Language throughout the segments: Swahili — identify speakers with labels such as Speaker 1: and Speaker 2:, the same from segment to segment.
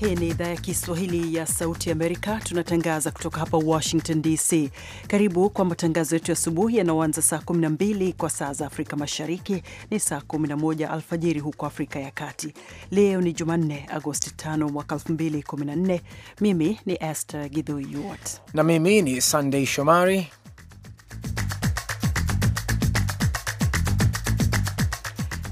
Speaker 1: Hii ni idhaa ya Kiswahili ya Sauti ya Amerika. Tunatangaza kutoka hapa Washington DC. Karibu kwa matangazo yetu ya asubuhi yanaoanza saa 12 kwa saa za Afrika Mashariki, ni saa 11 alfajiri huko Afrika ya Kati. Leo ni Jumanne, Agosti 5 mwaka 2014. Mimi ni Esther Gidhuiwat
Speaker 2: na mimi ni Sandei
Speaker 1: Shomari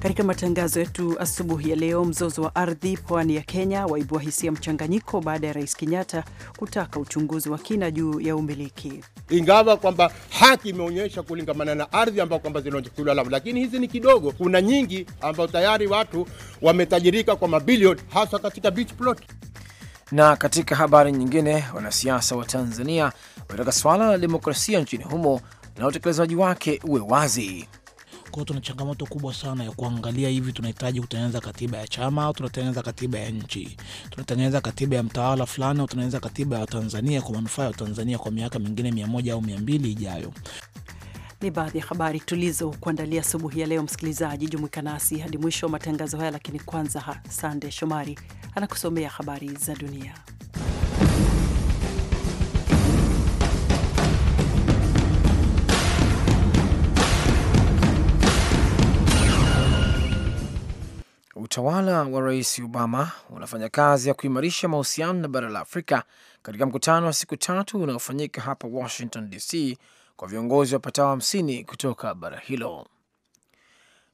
Speaker 1: Katika matangazo yetu asubuhi ya leo, mzozo wa ardhi pwani ya Kenya waibua hisia mchanganyiko baada ya Rais Kenyatta kutaka uchunguzi wa kina juu ya umiliki, ingawa kwamba haki imeonyesha kulingamana na ardhi ambao kwamba zinachukuliwa, lakini hizi ni kidogo,
Speaker 3: kuna nyingi ambao tayari watu wametajirika kwa mabilioni, haswa katika beach plot.
Speaker 2: Na katika habari nyingine, wanasiasa wa Tanzania wanataka swala la demokrasia nchini humo na utekelezaji wake uwe wazi
Speaker 4: kwao tuna changamoto kubwa sana ya kuangalia hivi, tunahitaji kutengeneza katiba ya chama au tunatengeneza katiba ya nchi, tunatengeneza katiba ya mtawala fulani au tunatengeneza katiba ya Tanzania kwa manufaa ya Tanzania kwa miaka mingine mia moja au mia mbili ijayo.
Speaker 1: Ni baadhi ya habari tulizokuandalia asubuhi ya leo. Msikilizaji, jumuika nasi hadi mwisho wa matangazo haya, lakini kwanza, Sande Shomari anakusomea habari za dunia.
Speaker 2: Utawala wa Rais Obama unafanya kazi ya kuimarisha mahusiano na bara la Afrika katika mkutano wa siku tatu unaofanyika hapa Washington DC kwa viongozi wapatao hamsini kutoka bara hilo.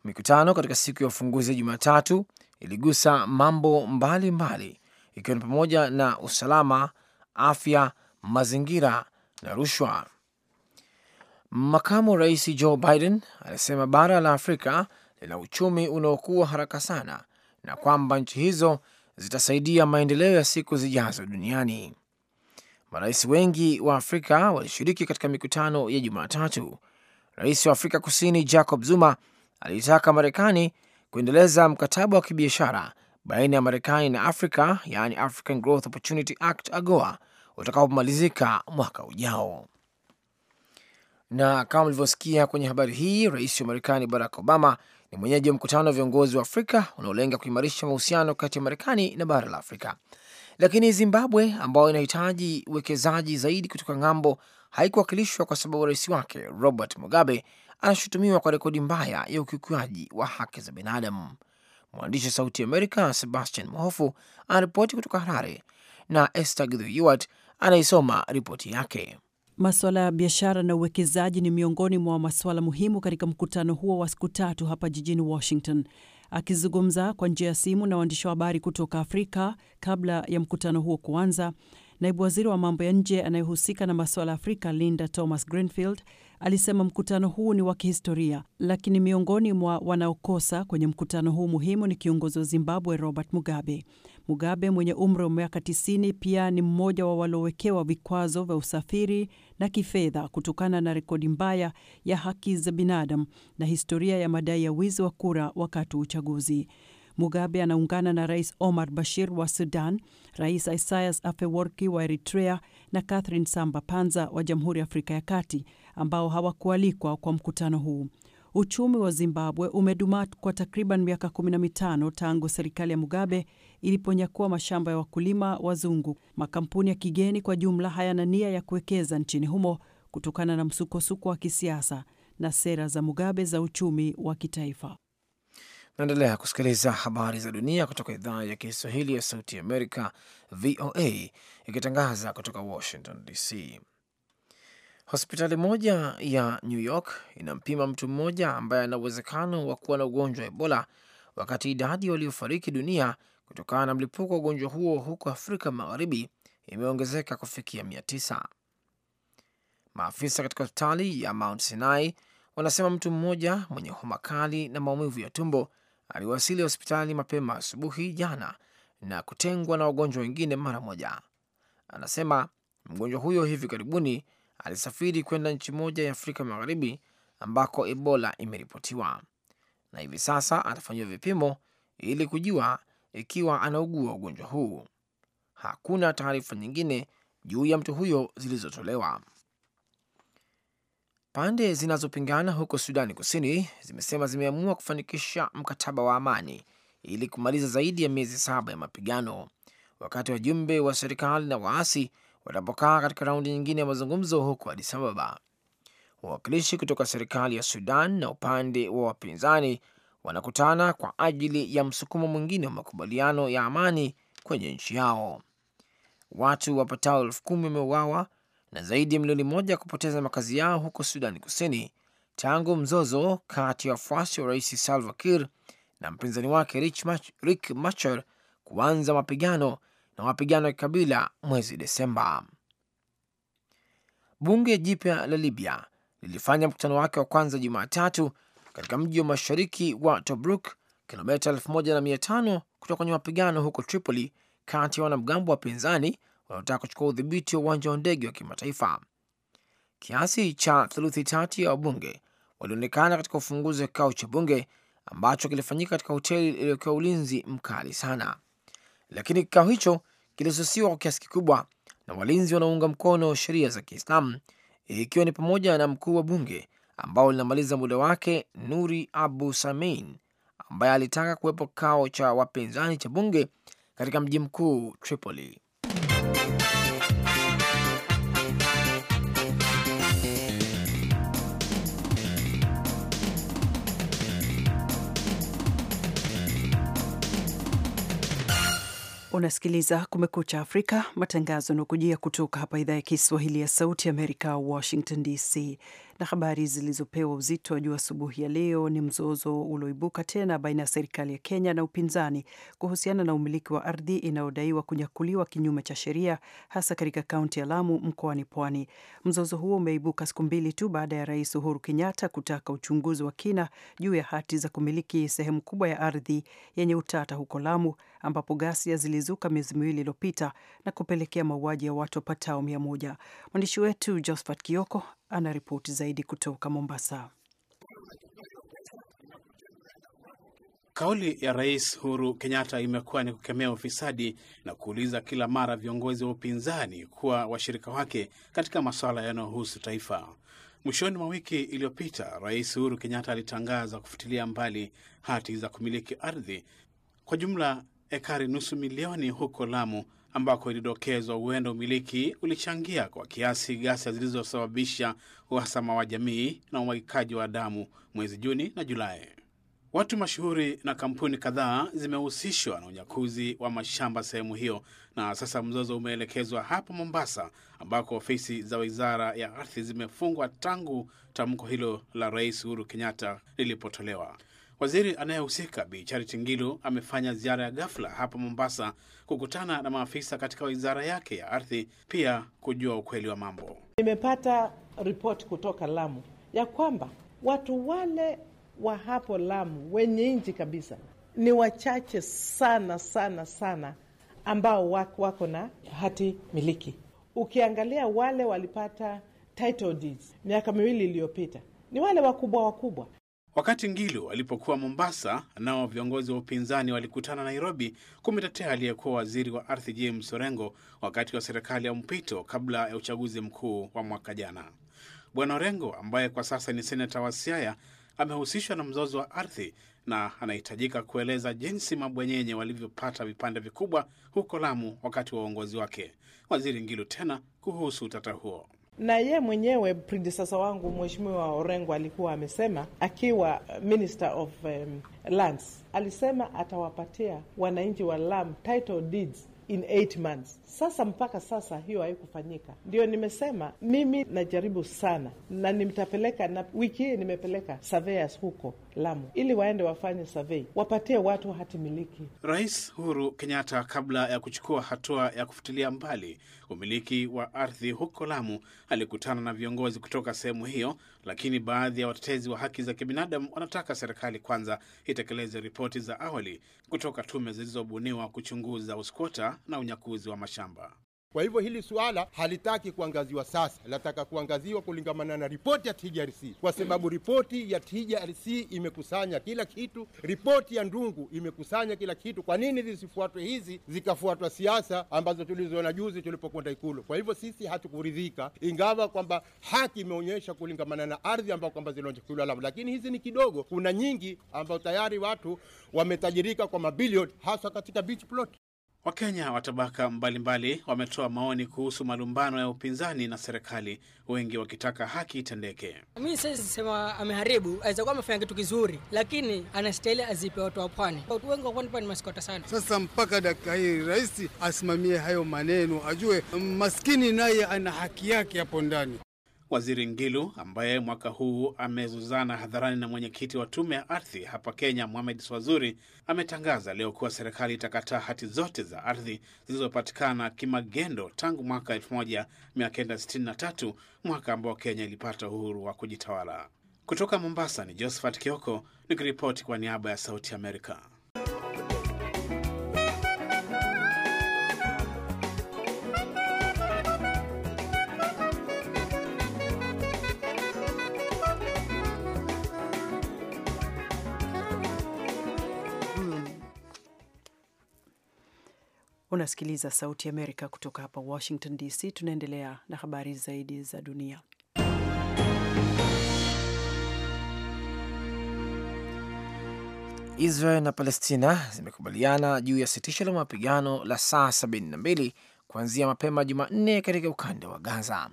Speaker 2: Mikutano katika siku ya ufunguzi ya Jumatatu iligusa mambo mbalimbali ikiwa ni pamoja na usalama, afya, mazingira na rushwa. Makamu wa rais Joe Biden alisema bara la Afrika lina uchumi unaokuwa haraka sana na kwamba nchi hizo zitasaidia maendeleo ya siku zijazo duniani. Marais wengi wa Afrika walishiriki katika mikutano ya Jumatatu. Rais wa Afrika Kusini Jacob Zuma aliitaka Marekani kuendeleza mkataba wa kibiashara baina ya Marekani na Afrika, yani African Growth Opportunity Act AGOA, utakapomalizika mwaka ujao. Na kama mlivyosikia kwenye habari hii, rais wa Marekani Barack Obama ni mwenyeji wa mkutano wa viongozi wa Afrika unaolenga kuimarisha mahusiano kati ya Marekani na bara la Afrika. Lakini Zimbabwe ambayo inahitaji uwekezaji zaidi kutoka ng'ambo haikuwakilishwa kwa sababu rais wake Robert Mugabe anashutumiwa kwa rekodi mbaya ya ukiukiaji wa haki za binadamu. Mwandishi wa Sauti Amerika Sebastian Mhofu anaripoti kutoka Harare na Esther Githuiwat anaisoma ripoti yake
Speaker 1: maswala ya biashara na uwekezaji ni miongoni mwa masuala muhimu katika mkutano huo wa siku tatu hapa jijini Washington. Akizungumza kwa njia ya simu na waandishi wa habari kutoka Afrika kabla ya mkutano huo kuanza, naibu waziri wa mambo ya nje anayehusika na masuala ya Afrika Linda Thomas Greenfield alisema mkutano huu ni wa kihistoria, lakini miongoni mwa wanaokosa kwenye mkutano huu muhimu ni kiongozi wa Zimbabwe Robert Mugabe. Mugabe mwenye umri wa miaka 90 pia ni mmoja wa waliowekewa vikwazo vya usafiri na kifedha kutokana na rekodi mbaya ya haki za binadamu na historia ya madai ya wizi wa kura wakati wa uchaguzi. Mugabe anaungana na Rais Omar Bashir wa Sudan, Rais Isaias Afewerki wa Eritrea na Catherine Samba Panza wa Jamhuri ya Afrika ya Kati ambao hawakualikwa kwa mkutano huu. Uchumi wa Zimbabwe umedumaa kwa takriban miaka 15 tangu serikali ya Mugabe iliponyakua mashamba ya wakulima wazungu. Makampuni ya kigeni kwa jumla hayana nia ya kuwekeza nchini humo kutokana na msukosuko wa kisiasa na sera za Mugabe za uchumi wa kitaifa.
Speaker 2: Naendelea kusikiliza habari za dunia kutoka idhaa ya Kiswahili ya Sauti ya Amerika, VOA, ikitangaza kutoka Washington DC. Hospitali moja ya New York inampima mtu mmoja ambaye ana uwezekano wa kuwa na ugonjwa wa Ebola, wakati idadi waliofariki dunia kutokana na mlipuko wa ugonjwa huo huko Afrika Magharibi imeongezeka kufikia mia tisa. Maafisa katika hospitali ya Mount Sinai wanasema mtu mmoja mwenye homa kali na maumivu ya tumbo aliwasili hospitali mapema asubuhi jana na kutengwa na wagonjwa wengine mara moja. Anasema mgonjwa huyo hivi karibuni alisafiri kwenda nchi moja ya Afrika Magharibi ambako Ebola imeripotiwa na hivi sasa atafanyiwa vipimo ili kujua ikiwa anaugua ugonjwa huu. Hakuna taarifa nyingine juu ya mtu huyo zilizotolewa. Pande zinazopingana huko Sudani Kusini zimesema zimeamua kufanikisha mkataba wa amani ili kumaliza zaidi ya miezi saba ya mapigano, wakati wajumbe wa serikali na waasi watapokaa katika raundi nyingine ya mazungumzo huko Addis Ababa. Wawakilishi kutoka serikali ya Sudan na upande wa wapinzani wanakutana kwa ajili ya msukumo mwingine wa makubaliano ya amani kwenye nchi yao. Watu wapatao elfu kumi wameuawa na zaidi ya milioni moja kupoteza makazi yao huko Sudani Kusini tangu mzozo kati ya wafuasi wa rais Salva Kiir na mpinzani wake Riek Machar kuanza mapigano na mapigano ya kikabila mwezi Desemba. Bunge jipya la Libya lilifanya mkutano wake wa kwanza Jumatatu katika mji wa mashariki wa Tobruk, kilomita 1500 kutoka kwenye mapigano huko Tripoli, kati ya wanamgambo wa pinzani wanaotaka kuchukua udhibiti wa uwanja wa ndege wa kimataifa. Kiasi cha thuluthi tatu ya wabunge walionekana katika ufunguzi wa kikao cha bunge ambacho kilifanyika katika hoteli iliyowekewa ulinzi mkali sana lakini kikao hicho kilisusiwa kwa kiasi kikubwa na walinzi wanaounga mkono sheria za Kiislamu, ikiwa ni pamoja na mkuu wa bunge ambao linamaliza muda wake Nuri Abu Samein, ambaye alitaka kuwepo kikao cha wapinzani cha bunge katika mji mkuu Tripoli.
Speaker 1: Unasikiliza Kumekucha Afrika, matangazo yanakujia kutoka hapa idhaa ya Kiswahili ya Sauti ya Amerika, Washington DC. Na habari zilizopewa uzito juu asubuhi ya leo ni mzozo ulioibuka tena baina ya serikali ya Kenya na upinzani kuhusiana na umiliki wa ardhi inayodaiwa kunyakuliwa kinyume cha sheria, hasa katika kaunti ya Lamu mkoani Pwani. Mzozo huo umeibuka siku mbili tu baada ya Rais Uhuru Kenyatta kutaka uchunguzi wa kina juu ya hati za kumiliki sehemu kubwa ya ardhi yenye utata huko Lamu, ambapo ghasia zilizuka miezi miwili iliyopita na kupelekea mauaji ya watu wapatao mia moja. Mwandishi wetu Josphat Kioko ana ripoti zaidi kutoka Mombasa.
Speaker 5: Kauli ya Rais Uhuru Kenyatta imekuwa ni kukemea ufisadi na kuuliza kila mara viongozi wa upinzani kuwa washirika wake katika masuala yanayohusu taifa. Mwishoni mwa wiki iliyopita, Rais Uhuru Kenyatta alitangaza kufutilia mbali hati za kumiliki ardhi kwa jumla ekari nusu milioni huko Lamu ambako ilidokezwa huenda umiliki ulichangia kwa kiasi ghasia zilizosababisha uhasama wa jamii na umwagikaji wa damu mwezi Juni na Julai. Watu mashuhuri na kampuni kadhaa zimehusishwa na unyakuzi wa mashamba sehemu hiyo, na sasa mzozo umeelekezwa hapo Mombasa, ambako ofisi za wizara ya ardhi zimefungwa tangu tamko hilo la Rais Uhuru Kenyatta lilipotolewa. Waziri anayehusika Bi Charity Ngilu amefanya ziara ya ghafla hapa Mombasa kukutana na maafisa katika wizara yake ya ardhi, pia kujua ukweli wa mambo.
Speaker 6: Nimepata ripoti kutoka Lamu ya kwamba watu wale wa hapo Lamu wenye nchi kabisa ni wachache sana sana sana ambao wako, wako na hati miliki. Ukiangalia wale walipata title deeds miaka miwili iliyopita ni wale wakubwa wakubwa.
Speaker 5: Wakati Ngilu alipokuwa Mombasa, nao viongozi wa upinzani walikutana Nairobi kumtetea aliyekuwa waziri wa ardhi James Orengo wakati wa serikali ya mpito kabla ya uchaguzi mkuu wa mwaka jana. Bwana Orengo ambaye kwa sasa ni seneta wa Siaya amehusishwa na mzozo wa ardhi na anahitajika kueleza jinsi mabwenyenye walivyopata vipande vikubwa huko Lamu wakati wa uongozi wake. Waziri Ngilu tena kuhusu utata huo
Speaker 6: na ye mwenyewe predecessor wangu Mheshimiwa Orengo alikuwa amesema akiwa Minister of um, Lands, alisema atawapatia wananchi wa Lamu title deeds in eight months. Sasa mpaka sasa hiyo haikufanyika. Ndio nimesema mimi najaribu sana, na nimtapeleka na wiki hii nimepeleka surveyors huko Lamu ili waende wafanye survey, wapatie watu hati miliki.
Speaker 5: Rais Uhuru Kenyatta, kabla ya kuchukua hatua ya kufutilia mbali umiliki wa ardhi huko Lamu, alikutana na viongozi kutoka sehemu hiyo, lakini baadhi ya watetezi wa haki za kibinadamu wanataka serikali kwanza itekeleze ripoti za awali kutoka tume zilizobuniwa kuchunguza uskota na unyakuzi
Speaker 3: wa mashamba. Kwa hivyo hili suala halitaki kuangaziwa sasa, lataka kuangaziwa kulingamana na ripoti ya TJRC, kwa sababu ripoti ya TJRC imekusanya kila kitu, ripoti ya Ndungu imekusanya kila kitu. Kwa nini zisifuatwe hizi zikafuatwa siasa ambazo tulizoona juzi tulipokwenda Ikulu? Kwa hivyo sisi hatukuridhika, ingawa kwamba haki imeonyesha kulingamana na ardhi ambayo kwamba zilionjekuliwa, lakini hizi ni kidogo, kuna nyingi ambao tayari watu wametajirika kwa mabilioni, haswa katika beach plot. Wakenya wa tabaka
Speaker 5: mbalimbali wametoa maoni kuhusu malumbano ya upinzani na serikali, wengi wakitaka haki itendeke.
Speaker 1: Mi siwezi sema ameharibu, aweza kuwa amefanya kitu kizuri, lakini anastahili azipe watu wa pwani. Watu wengi wa pwani ni masikota sana.
Speaker 5: Sasa mpaka dakika hii rais asimamie hayo maneno, ajue maskini naye ana haki yake hapo ndani. Waziri Ngilu ambaye mwaka huu amezuzana hadharani na mwenyekiti wa tume ya ardhi hapa Kenya, Mohamed Swazuri, ametangaza leo kuwa serikali itakataa hati zote za ardhi zilizopatikana kimagendo tangu mwaka 1963, mwaka ambao Kenya ilipata uhuru wa kujitawala. Kutoka Mombasa ni Josephat Kioko nikiripoti kwa niaba ya Sauti Amerika.
Speaker 1: Unasikiliza Sauti Amerika kutoka hapa Washington DC. Tunaendelea na habari zaidi za dunia.
Speaker 2: Israel na Palestina zimekubaliana juu ya sitisho la mapigano la saa 72 kuanzia mapema Jumanne katika ukanda wa Gaza.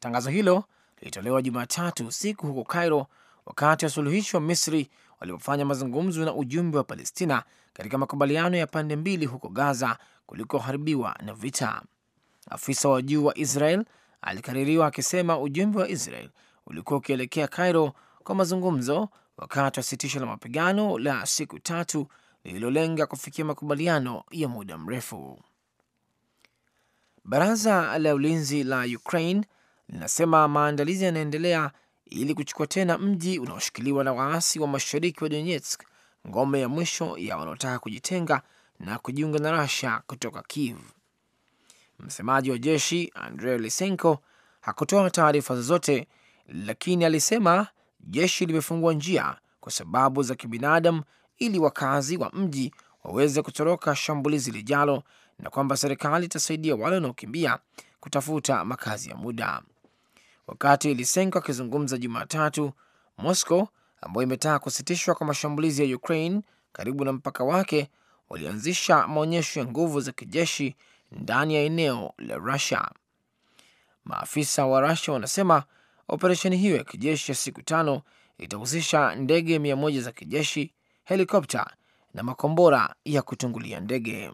Speaker 2: Tangazo hilo lilitolewa Jumatatu usiku huko Cairo, wakati wasuluhishi wa Misri walipofanya mazungumzo na ujumbe wa Palestina katika makubaliano ya pande mbili huko Gaza kulikoharibiwa na vita. Afisa wa juu wa Israel alikaririwa akisema ujumbe wa Israel ulikuwa ukielekea Cairo kwa mazungumzo wakati wa sitisho la mapigano la siku tatu lililolenga kufikia makubaliano ya muda mrefu. Baraza la ulinzi la Ukraine linasema maandalizi yanaendelea ili kuchukua tena mji unaoshikiliwa na waasi wa mashariki wa Donetsk, ngome ya mwisho ya wanaotaka kujitenga na kujiunga na Russia kutoka Kiev. Msemaji wa jeshi Andrei Lisenko hakutoa taarifa zozote, lakini alisema jeshi limefungua njia kwa sababu za kibinadamu ili wakazi wa mji waweze kutoroka shambulizi lijalo na kwamba serikali itasaidia wale wanaokimbia kutafuta makazi ya muda. Wakati Lisenko akizungumza Jumatatu, Moscow ambayo imetaka kusitishwa kwa mashambulizi ya Ukraine karibu na mpaka wake walianzisha maonyesho ya nguvu za kijeshi ndani ya eneo la Rusia. Maafisa wa Rusia wanasema operesheni hiyo ya kijeshi ya siku tano itahusisha ndege mia moja za kijeshi, helikopta na makombora ya kutungulia ndege.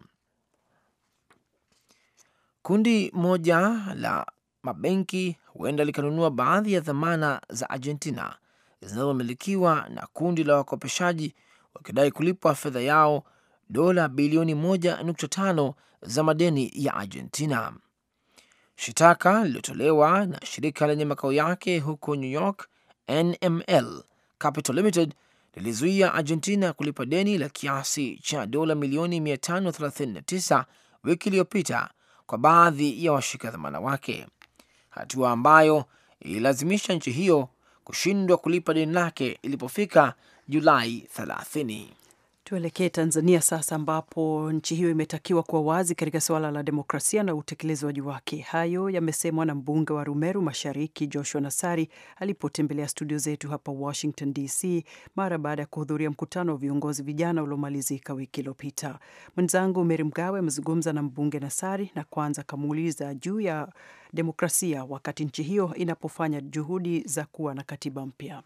Speaker 2: Kundi moja la mabenki huenda likanunua baadhi ya dhamana za Argentina zinazomilikiwa na kundi la wakopeshaji wakidai kulipwa fedha yao dola bilioni 1.5 za madeni ya Argentina. Shitaka lililotolewa na shirika lenye makao yake huko New York, NML Capital Limited, lilizuia Argentina kulipa deni la kiasi cha dola milioni 539 wiki iliyopita kwa baadhi ya washika dhamana wake, hatua ambayo ililazimisha nchi hiyo kushindwa kulipa deni lake ilipofika Julai 30.
Speaker 1: Tuelekee Tanzania sasa, ambapo nchi hiyo imetakiwa kuwa wazi katika suala la demokrasia na utekelezwaji wake. Hayo yamesemwa na mbunge wa Rumeru Mashariki, Joshua Nassari, alipotembelea studio zetu hapa Washington DC mara baada ya kuhudhuria mkutano wa viongozi vijana uliomalizika wiki iliyopita. Mwenzangu Meri Mgawe amezungumza na mbunge Nassari na kwanza akamuuliza juu ya demokrasia wakati nchi hiyo inapofanya juhudi za kuwa na katiba mpya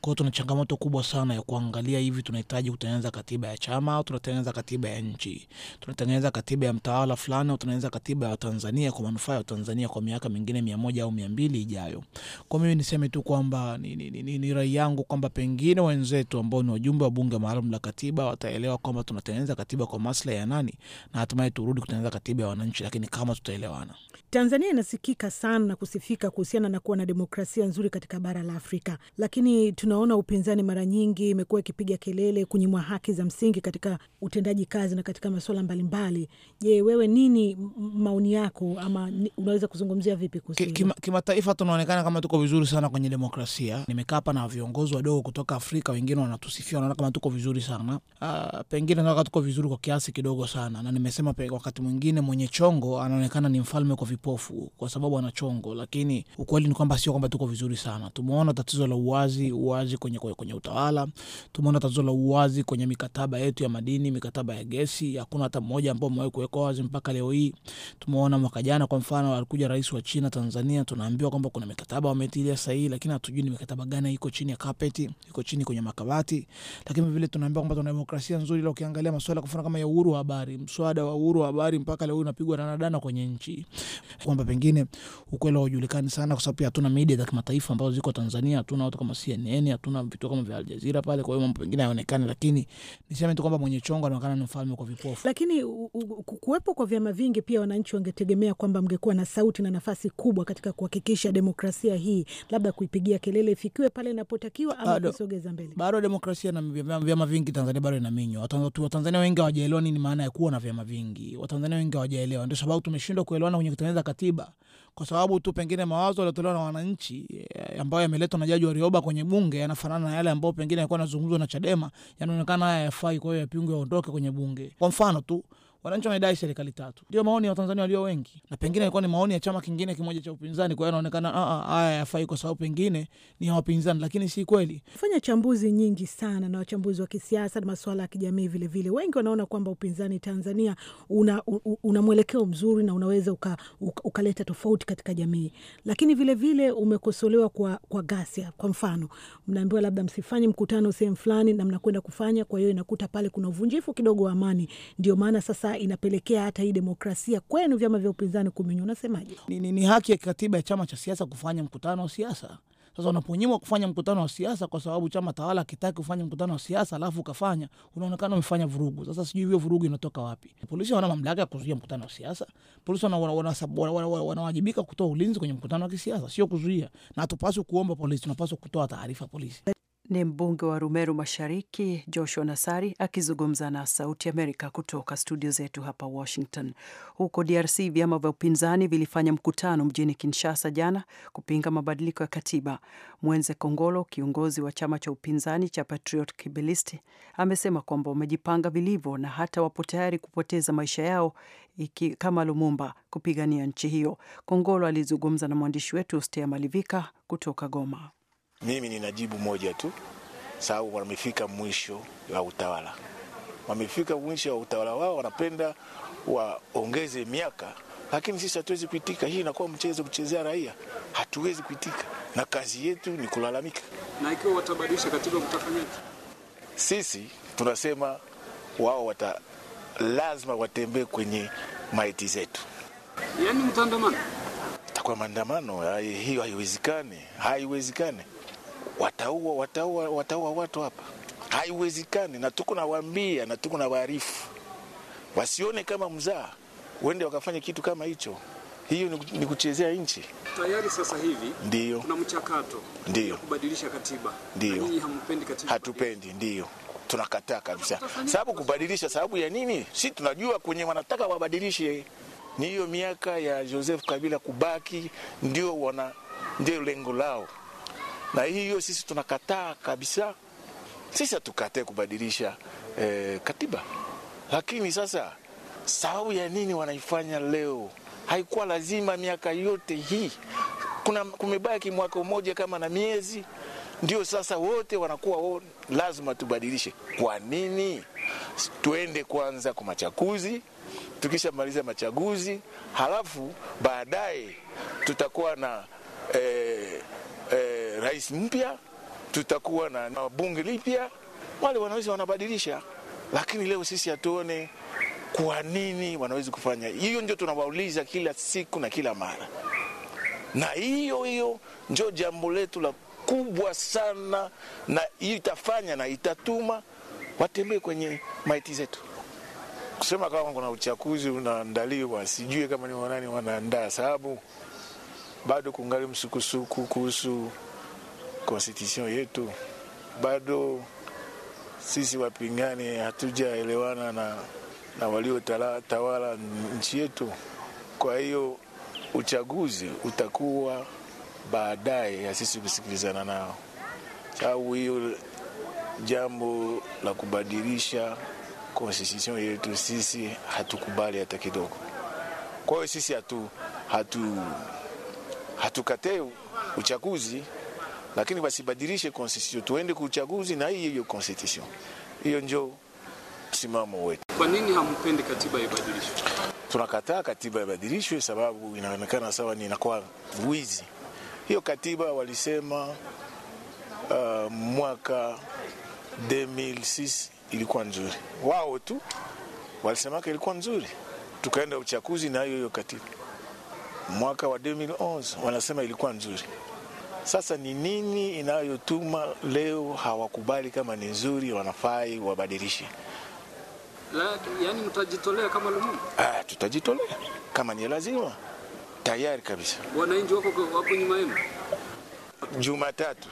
Speaker 4: kwao tuna changamoto kubwa sana ya kuangalia hivi, tunahitaji kutengeneza katiba ya chama au tunatengeneza katiba ya nchi, tunatengeneza katiba ya mtawala fulani au tunatengeneza katiba ya Tanzania kwa manufaa ya Tanzania kwa miaka mingine mia moja au mia mbili ijayo. Kwa mimi niseme tu kwamba ni, ni, ni, ni, ni rai yangu kwamba pengine wenzetu ambao ni wajumbe wa bunge maalum la katiba wataelewa kwamba tunatengeneza katiba kwa maslahi ya nani, na hatimaye turudi kutengeneza katiba ya wananchi, lakini kama tutaelewana.
Speaker 6: Tanzania inasikika sana na kusifika kuhusiana na kuwa na demokrasia nzuri katika bara la Afrika, lakini tunaona upinzani mara nyingi imekuwa ikipiga kelele kunyimwa haki za msingi katika utendaji kazi na katika masuala mbalimbali. Je, wewe nini maoni yako, ama unaweza kuzungumzia vipi kuhusu
Speaker 4: Kimataifa kima tunaonekana kama tuko vizuri sana kwenye demokrasia. Nimekaa hapa na viongozi wadogo kutoka Afrika, wengine wanatusifia, wanaona kama tuko vizuri sana. Uh, pengine naona tuko vizuri kwa kiasi kidogo sana, na nimesema wakati mwingine mwenye chongo anaonekana ni mfalme kwa vipofu kwa sababu ana chongo, lakini ukweli ni kwamba sio kwamba tuko vizuri sana. Tumeona tatizo la uwazi, uwazi kwenye, kwenye kwenye utawala. Tumeona tatizo la uwazi kwenye mikataba yetu ya madini, mikataba ya gesi. Hakuna hata mmoja ambao umewahi kuwekwa wazi mpaka leo hii. Tumeona mwaka jana kwa mfano alikuja rais wa China Tanzania, tunaambiwa kwamba kuna mikataba wametilia sahihi, lakini hatujui ni mikataba gani iko chini ya kapeti, iko chini kwenye makabati. Lakini vile tunaambiwa kwamba tuna demokrasia nzuri, la ukiangalia masuala kufana kama ya uhuru wa habari, mswada wa uhuru wa habari mpaka leo unapigwa danadana kwenye nchi kwamba pengine ukweli haujulikani sana, kwa sababu pia hatuna media za kimataifa ambazo ziko Tanzania, hatuna watu kama CNN, hatuna vituo kama vya Aljazira pale. Kwa hiyo mambo pengine hayaonekani, lakini niseme tu kwamba mwenye chongo anaonekana ni mfalme kwa vipofu.
Speaker 6: Lakini kuwepo kwa vyama vingi, pia wananchi wangetegemea kwamba mngekuwa na sauti na nafasi kubwa katika kuhakikisha demokrasia hii labda kuipigia kelele ifikiwe pale inapotakiwa ama kusogeza mbele.
Speaker 4: Bado demokrasia na vyama vingi Tanzania bado inaminywa. Watanzania wengi hawajaelewa nini maana ya kuwa na vyama vingi. Watanzania wengi hawajaelewa, ndio sababu tumeshindwa kuelewana kwenye kutengeneza kutengeneza katiba kwa sababu tu pengine mawazo yaliotolewa na wananchi eh, ambayo yameletwa na Jaji Warioba kwenye bunge yanafanana na yale ambayo pengine yalikuwa yanazungumzwa na Chadema, yanaonekana haya yafai, kwa hiyo yapingwe, yaondoke kwenye bunge. Kwa mfano tu Wananchi wamedai serikali tatu, ndio maoni ya Watanzania walio wengi, na pengine alikuwa ni maoni ya chama kingine kimoja cha upinzani. Kwa hiyo anaonekana ah, ah, haya yafai kwa sababu pengine ni ya wapinzani, lakini si kweli.
Speaker 6: Fanya chambuzi nyingi sana na wachambuzi wa kisiasa na masuala ya kijamii vilevile, wengi wanaona kwamba upinzani Tanzania una, una mwelekeo mzuri na unaweza ukaleta uka, uka tofauti katika jamii, lakini vilevile vile umekosolewa kwa, kwa ghasia. Kwa mfano, mnaambiwa labda msifanye mkutano sehemu fulani na mnakwenda kufanya, kwa hiyo inakuta pale kuna uvunjifu kidogo wa amani, ndio maana sasa sasa inapelekea hata hii demokrasia kwenu vyama vya upinzani kuminywa, unasemaje?
Speaker 4: Ni, ni, ni haki ya kikatiba ya chama cha siasa kufanya mkutano wa siasa. Sasa unaponyimwa kufanya mkutano wa siasa kwa sababu chama tawala akitaki kufanya mkutano wa siasa, alafu ukafanya, unaonekana umefanya vurugu. Sasa sijui hiyo vurugu inatoka wapi? Polisi wana mamlaka ya kuzuia mkutano wa siasa. Polisi wanawajibika kutoa ulinzi kwenye mkutano wa kisiasa, sio kuzuia, na hatupaswi kuomba polisi, tunapaswa kutoa taarifa polisi.
Speaker 1: Ni mbunge wa Rumeru Mashariki Joshua Nassari akizungumza na Sauti Amerika kutoka studio zetu hapa Washington. Huko DRC, vyama vya upinzani vilifanya mkutano mjini Kinshasa jana kupinga mabadiliko ya katiba. Mwenze Kongolo, kiongozi wa chama cha upinzani cha Patriot kibilisti amesema kwamba wamejipanga vilivyo na hata wapo tayari kupoteza maisha yao iki, kama Lumumba kupigania nchi hiyo. Kongolo alizungumza na mwandishi wetu Stea Malivika kutoka Goma.
Speaker 3: Mimi ninajibu moja tu, sababu wamefika mwisho wa utawala, wamefika mwisho wa utawala wao, wanapenda waongeze miaka, lakini sisi hatuwezi kuitika. Hii inakuwa mchezo kuchezea raia, hatuwezi kuitika, na kazi yetu ni kulalamika.
Speaker 5: Na ikiwa watabadilisha katiba, mtafanyaje?
Speaker 3: Sisi tunasema wao wata lazima watembee kwenye maiti zetu,
Speaker 5: yani mtandamano,
Speaker 3: itakuwa maandamano. Hiyo haiwezekani, haiwezekani wataua, wataua, wataua watu hapa. Haiwezekani, na tuko nawaambia na tuko waarifu wasione kama mzaa wende wakafanya kitu kama hicho. Hiyo ni kuchezea nchi.
Speaker 5: Tayari sasa hivi ndio kuna mchakato
Speaker 3: ndio kubadilisha
Speaker 5: katiba, ndio
Speaker 3: hampendi katiba, hatupendi, ndio tunakataa kabisa. Sababu kubadilisha, sababu ya nini? Si tunajua kwenye wanataka wabadilishe, ni hiyo miaka ya Joseph Kabila kubaki, ndio wana ndio lengo lao na hiyo sisi tunakataa kabisa. Sisi hatukatae kubadilisha eh, katiba, lakini sasa sababu ya nini wanaifanya leo? Haikuwa lazima miaka yote hii, kuna kumebaki mwaka mmoja kama na miezi, ndio sasa wote wanakuwa o, lazima tubadilishe. Kwa nini? Tuende kwanza kwa machaguzi, tukishamaliza machaguzi halafu baadaye tutakuwa na eh, eh, rais mpya, tutakuwa na bunge lipya, wale wanaweza wanabadilisha, lakini leo sisi hatuone kwa nini wanawezi kufanya hiyo. Ndio tunawauliza kila siku na kila mara, na hiyo hiyo ndio jambo letu la kubwa sana, na itafanya na itatuma watembee kwenye maiti zetu. Kusema kama kuna uchaguzi unaandaliwa, sijui kama ni wanani wanaandaa, sababu bado kungali msukusuku kuhusu constitution yetu, bado sisi wapingani hatujaelewana na, na waliotawala nchi yetu. Kwa hiyo uchaguzi utakuwa baadaye ya sisi kusikilizana nao, sababu hiyo jambo la kubadilisha constitution yetu sisi hatukubali hata kidogo. Kwa hiyo sisi hatu, hatu hatukatee uchaguzi, lakini basibadilishe constitution, tuende kuuchaguzi na hii hiyo constitution. Hiyo ndio msimamo wetu.
Speaker 5: Kwa nini hampendi katiba ibadilishwe?
Speaker 3: Tunakataa katiba ibadilishwe sababu inaonekana sawa ni inakuwa wizi. Hiyo katiba walisema uh, mwaka 2006 ilikuwa nzuri, wao tu walisemaka ilikuwa nzuri, tukaenda uchaguzi na hiyo hiyo katiba mwaka wa 2011 wanasema ilikuwa nzuri. Sasa ni nini inayotuma leo hawakubali kama ni nzuri, wanafai wabadilishe? Yani mtajitolea kama Lumumba? Ah, tutajitolea kama ni lazima, tayari kabisa.
Speaker 7: Wananchi wako wapo nyuma yenu.
Speaker 3: Jumatatu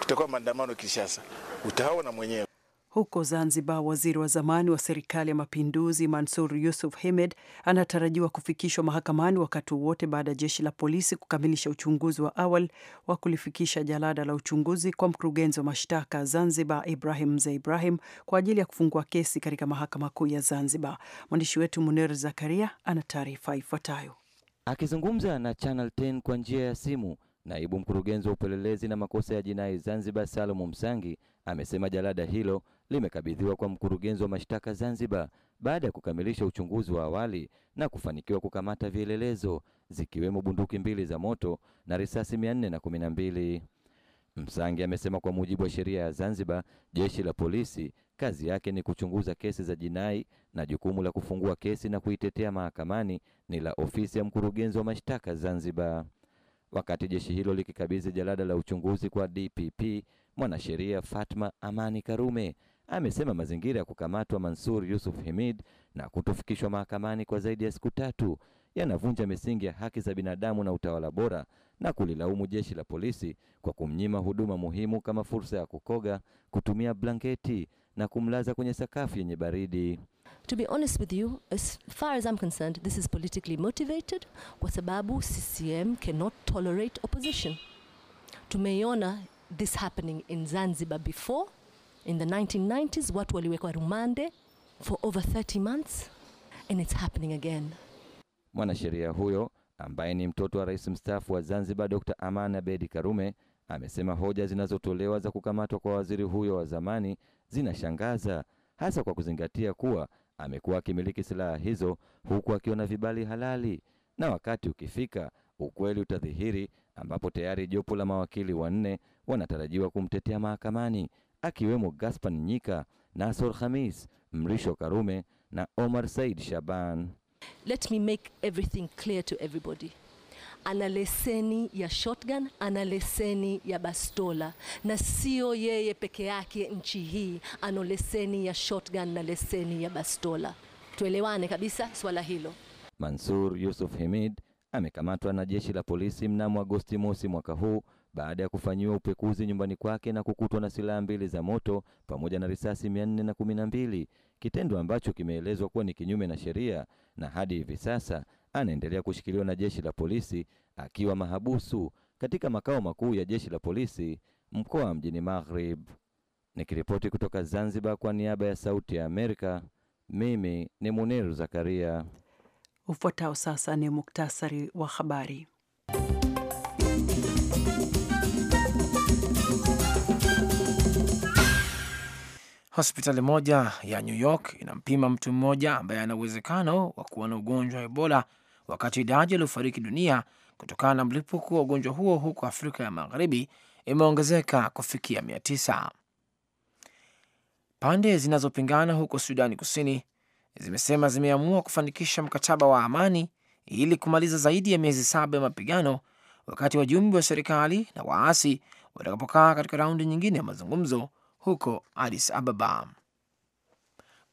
Speaker 3: tutakuwa maandamano Kinshasa, utaona mwenyewe.
Speaker 1: Huko Zanzibar, waziri wa zamani wa serikali ya mapinduzi Mansur Yusuf Hemed anatarajiwa kufikishwa mahakamani wakati wowote baada ya jeshi la polisi kukamilisha uchunguzi wa awali wa kulifikisha jalada la uchunguzi kwa mkurugenzi wa mashtaka Zanzibar, Ibrahim Mze Ibrahim, kwa ajili ya kufungua kesi katika mahakama kuu ya Zanzibar. Mwandishi wetu Muner Zakaria ana taarifa ifuatayo.
Speaker 8: Akizungumza na Channel 10 kwa njia ya simu, naibu mkurugenzi wa upelelezi na makosa ya jinai Zanzibar, Salomo Msangi, amesema jalada hilo limekabidhiwa kwa mkurugenzi wa mashtaka Zanzibar baada ya kukamilisha uchunguzi wa awali na kufanikiwa kukamata vielelezo zikiwemo bunduki mbili za moto na risasi mia nne na kumi na mbili. Msangi amesema kwa mujibu wa sheria ya Zanzibar, jeshi la polisi kazi yake ni kuchunguza kesi za jinai na jukumu la kufungua kesi na kuitetea mahakamani ni la ofisi ya mkurugenzi wa mashtaka Zanzibar. Wakati jeshi hilo likikabidhi jalada la uchunguzi kwa DPP, mwanasheria Fatma Amani Karume amesema mazingira ya kukamatwa Mansur Yusuf Himid na kutofikishwa mahakamani kwa zaidi ya siku tatu yanavunja misingi ya haki za binadamu na utawala bora na kulilaumu jeshi la polisi kwa kumnyima huduma muhimu kama fursa ya kukoga, kutumia blanketi na kumlaza kwenye sakafu yenye baridi.
Speaker 7: To be honest with you, as far as I'm concerned, this is politically motivated kwa sababu CCM cannot tolerate opposition. Tumeiona this happening in Zanzibar before In the 1990s watu waliwekwa rumande for over 30 months and it's happening again.
Speaker 8: Mwanasheria huyo ambaye ni mtoto wa rais mstaafu wa Zanzibar Dr. Aman Abedi Karume amesema hoja zinazotolewa za kukamatwa kwa waziri huyo wa zamani zinashangaza hasa kwa kuzingatia kuwa amekuwa akimiliki silaha hizo huku akiwa na vibali halali, na wakati ukifika ukweli utadhihiri, ambapo tayari jopo la mawakili wanne wanatarajiwa kumtetea mahakamani akiwemo Gaspar Nyika, Nasor Khamis, Mrisho Karume na Omar Said Shaban. Let me make
Speaker 7: everything clear to everybody. Ana leseni ya shotgun, ana leseni ya bastola, na sio yeye peke yake. Nchi hii ana leseni ya shotgun na leseni ya bastola. Tuelewane kabisa swala hilo.
Speaker 8: Mansur Yusuf Himid amekamatwa na jeshi la polisi mnamo Agosti mosi mwaka huu baada ya kufanyiwa upekuzi nyumbani kwake na kukutwa na silaha mbili za moto pamoja na risasi mia nne na kumi na mbili, kitendo ambacho kimeelezwa kuwa ni kinyume na sheria, na hadi hivi sasa anaendelea kushikiliwa na jeshi la polisi akiwa mahabusu katika makao makuu ya jeshi la polisi mkoa mjini Maghrib. Nikiripoti kutoka Zanzibar kwa niaba ya Sauti ya Amerika, mimi ni Muniru Zakaria. Ufuatao
Speaker 1: sasa ni muktasari wa habari.
Speaker 2: Hospitali moja ya New York inampima mtu mmoja ambaye ana uwezekano wa kuwa na ugonjwa wa Ebola, wakati idadi aliofariki dunia kutokana na mlipuko wa ugonjwa huo huko Afrika ya Magharibi imeongezeka kufikia mia tisa. Pande zinazopingana huko Sudani Kusini zimesema zimeamua kufanikisha mkataba wa amani ili kumaliza zaidi ya miezi saba ya mapigano, wakati wajumbe wa serikali na waasi watakapokaa katika raundi nyingine ya mazungumzo huko Addis Ababa.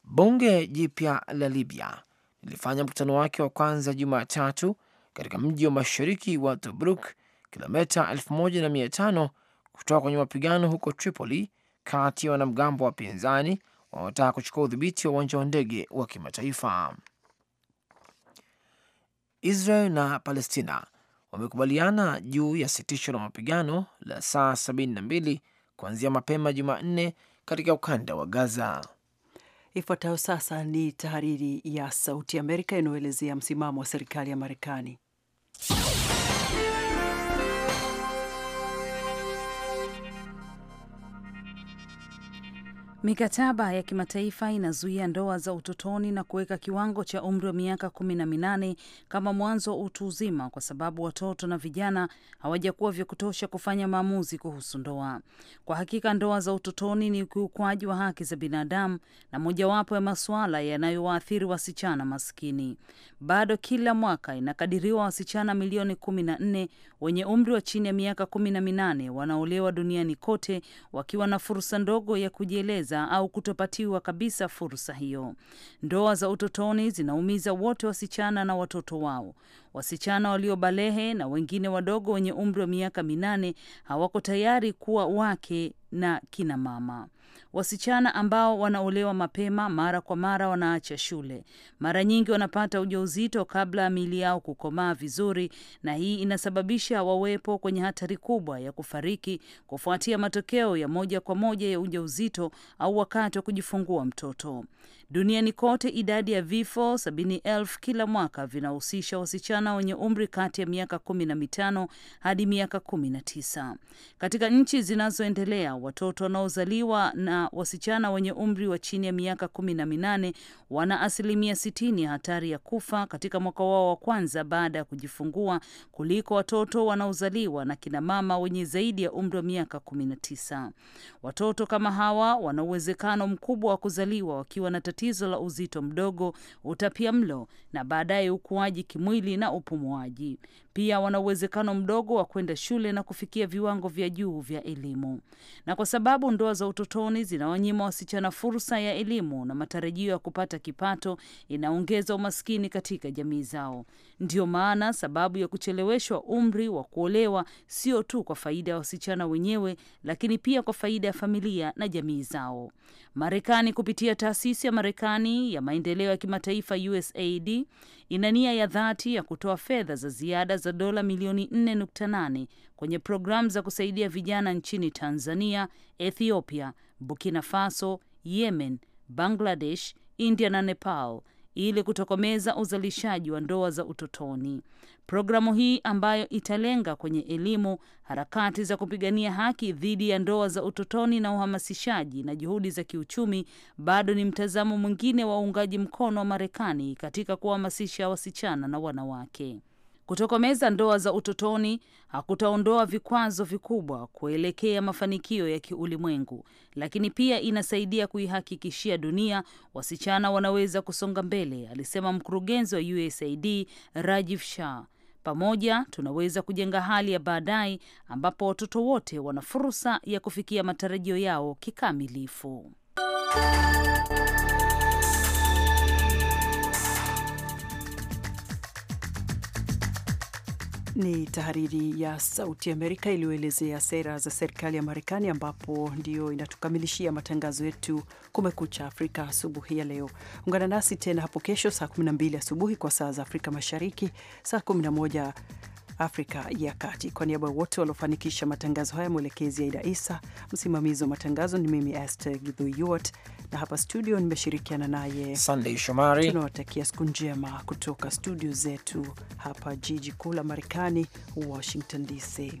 Speaker 2: Bunge jipya la Libya lilifanya mkutano wake wa kwanza Jumatatu katika mji wa mashariki wa Tobruk, kilomita 1500 kutoka kwenye mapigano huko Tripoli, kati ya wanamgambo wa pinzani wanaotaka kuchukua udhibiti wa uwanja wa ndege wa kimataifa. Israel na Palestina wamekubaliana juu ya sitisho la mapigano la saa 72 kuanzia mapema Jumanne katika ukanda wa Gaza.
Speaker 1: Ifuatayo sasa ni tahariri ya Sauti Amerika inayoelezea msimamo wa serikali ya Marekani.
Speaker 7: Mikataba ya kimataifa inazuia ndoa za utotoni na kuweka kiwango cha umri wa miaka kumi na minane kama mwanzo wa utu uzima, kwa sababu watoto na vijana hawajakuwa vya kutosha kufanya maamuzi kuhusu ndoa. Kwa hakika, ndoa za utotoni ni ukiukwaji wa haki za binadamu na mojawapo ya masuala yanayowaathiri wasichana maskini. Bado kila mwaka inakadiriwa wasichana milioni kumi na nne wenye umri wa chini ya miaka kumi na minane wanaolewa duniani kote wakiwa na fursa ndogo ya kujieleza kucheza au kutopatiwa kabisa fursa hiyo. Ndoa za utotoni zinaumiza wote, wasichana na watoto wao. Wasichana waliobalehe na wengine wadogo wenye umri wa miaka minane hawako tayari kuwa wake na kina mama. Wasichana ambao wanaolewa mapema mara kwa mara wanaacha shule, mara nyingi wanapata ujauzito kabla ya miili yao kukomaa vizuri, na hii inasababisha wawepo kwenye hatari kubwa ya kufariki kufuatia matokeo ya moja kwa moja ya ujauzito au wakati wa kujifungua mtoto. Duniani kote idadi ya vifo sabini elfu kila mwaka vinahusisha wasichana wenye umri kati ya miaka kumi na mitano hadi miaka kumi na tisa. Katika nchi zinazoendelea watoto wanaozaliwa na wasichana wenye umri wa chini ya miaka kumi na minane wana asilimia sitini ya hatari ya kufa katika mwaka wao wa kwanza baada ya kujifungua kuliko watoto wanaozaliwa na kinamama wenye zaidi ya umri wa miaka kumi na tisa. Watoto kama hawa wana uwezekano mkubwa wa kuzaliwa wakiwa na tatizo la uzito mdogo, utapia mlo na baadaye ukuaji kimwili na upumuaji pia wana uwezekano mdogo wa kwenda shule na kufikia viwango vya juu vya elimu. Na kwa sababu ndoa za utotoni zinawanyima wasichana fursa ya elimu na matarajio ya kupata kipato, inaongeza umaskini katika jamii zao. Ndiyo maana sababu ya kucheleweshwa umri wa kuolewa sio tu kwa faida ya wasichana wenyewe, lakini pia kwa faida ya familia na jamii zao. Marekani kupitia taasisi ya Marekani ya maendeleo ya kimataifa USAID ina nia ya dhati ya kutoa fedha za ziada za dola milioni 4.8 kwenye programu za kusaidia vijana nchini Tanzania, Ethiopia, Burkina Faso, Yemen, Bangladesh, India na Nepal ili kutokomeza uzalishaji wa ndoa za utotoni. Programu hii ambayo italenga kwenye elimu, harakati za kupigania haki dhidi ya ndoa za utotoni na uhamasishaji na juhudi za kiuchumi, bado ni mtazamo mwingine wa uungaji mkono wa Marekani katika kuwahamasisha wasichana na wanawake. Kutokomeza ndoa za utotoni hakutaondoa vikwazo vikubwa kuelekea mafanikio ya kiulimwengu, lakini pia inasaidia kuihakikishia dunia wasichana wanaweza kusonga mbele, alisema mkurugenzi wa USAID Rajiv Shah. Pamoja tunaweza kujenga hali ya baadaye ambapo watoto wote wana fursa ya kufikia matarajio yao kikamilifu.
Speaker 1: Ni tahariri ya Sauti Amerika iliyoelezea sera za serikali ya Marekani, ambapo ndiyo inatukamilishia matangazo yetu Kumekucha Afrika asubuhi ya leo. Ungana nasi tena hapo kesho saa 12 asubuhi kwa saa za Afrika Mashariki, saa 11 Afrika ya Kati. Kwa niaba ya wote waliofanikisha matangazo haya, mwelekezi Aida Isa, msimamizi wa matangazo ni mimi Esther Githyuart, na hapa studio nimeshirikiana naye Sandey Shomari. Tunawatakia siku njema kutoka studio zetu hapa jiji kuu la Marekani, Washington DC.